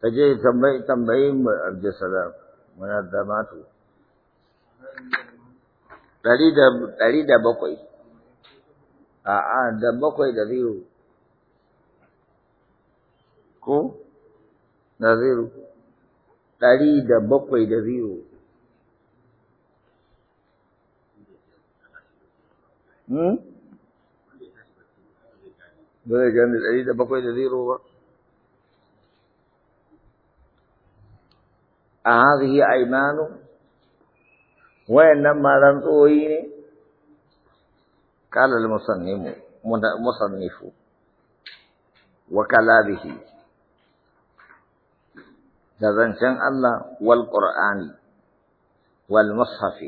ta je tambayi tambayi mu abdulsalam munazzamatu ɗari da ɗari da bakwai a'a da bakwai da zero ko da zero ɗari da bakwai da zero Hmm? Ba zai gane ɗari da bakwai da zero ba. أهذه أيمان وإنما رنطوين قال المصنف مصنف وكلامه تزنشن الله والقرآن والمصحف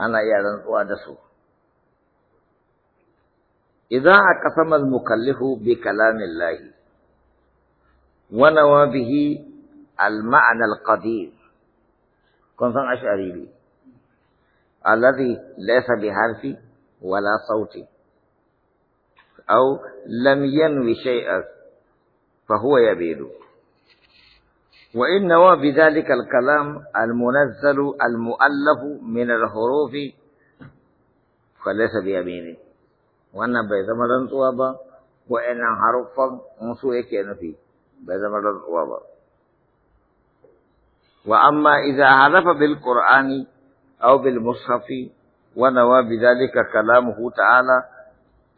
أنا يا رنطوى إذا أقسم المكلف بكلام الله ونوى به المعنى القدير كن سن أشعري لي الذي ليس بحرف ولا صوت أو لم ينوي شيئا فهو يبيد وإن نوى بذلك الكلام المنزل المؤلف من الحروف فليس بيمينه وأن بيت بيزمرن صوابا وإن حرفا مصوئك ينفي بيت بيزمرن صوابا وأما إذا حلف بالقرآن أو بالمصحف ونوى بذلك كلامه تعالى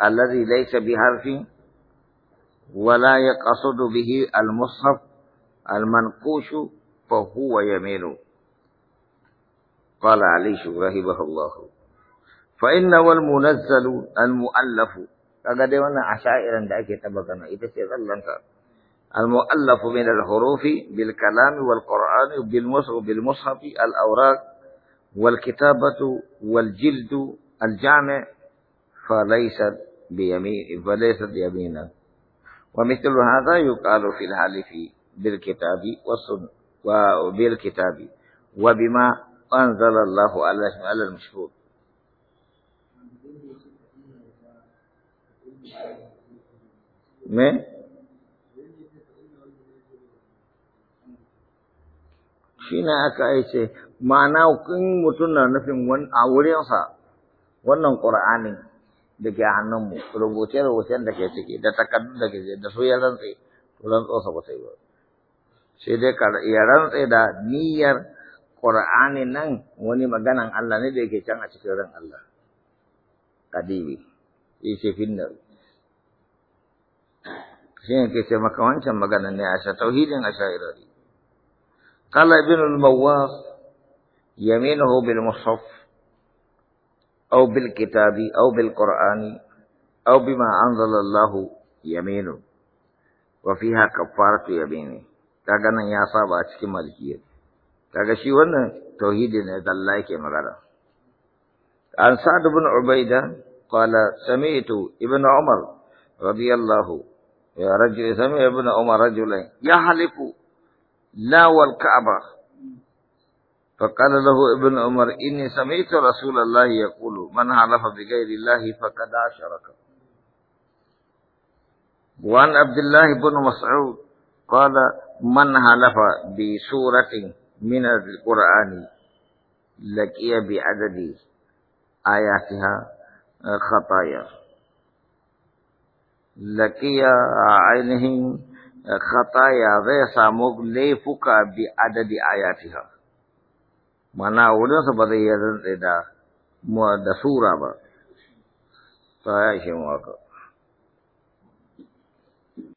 الذي ليس بحرف ولا يقصد به المصحف المنقوش فهو يمين قال عليش رحمه الله فإن والمنزل المؤلف هذا dai wannan ashairan تبقى إذا ta magana المؤلف من الحروف بالكلام والقرآن بالمصحف الأوراق والكتابة والجلد الجامع فليست بيمين فليس يمينا ومثل هذا يقال في الحلف بالكتاب والسنة وبالكتاب وبما أنزل الله على المشهود ما shi ne aka aice ma'ana in mutum na nufin a wurinsa wannan ƙur'anin da ke hannunmu rubuce-rubucen da ke ciki da takardun da ke da su ya rantse to rantsosa ba ta yi ba sai dai ya rantse da niyyar ƙur'ani nan wani maganan Allah ne da yake can a cikin ran Allah kadibi yace finnar shi ne ke ce maka wancan maganan ne a sha tauhidin a sha'irari قال ابن المواف يمينه بالمصحف أو بالكتاب أو بالقرآن أو بما أنزل الله يمينه وفيها كفارة يمينه كأن يا صاحبك ملكية كأن شيء ون توحيد نزل الله كما قال عن سعد بن عبيدة قال سمعت ابن عمر رضي الله يا رجل سمع ابن عمر رجلين يحلفوا لا والكعبة فقال له ابن عمر إني سمعت رسول الله يقول من حلف بغير الله فقد أشرك وعن عبد الله بن مسعود قال من حلف بسورة من القرآن لقي بعدد آياتها خطايا لقي عينهم khataya zai samu laifuka bi adadi ayatiha mana wurinsa ba zai yi da da sura ba ta yashin waka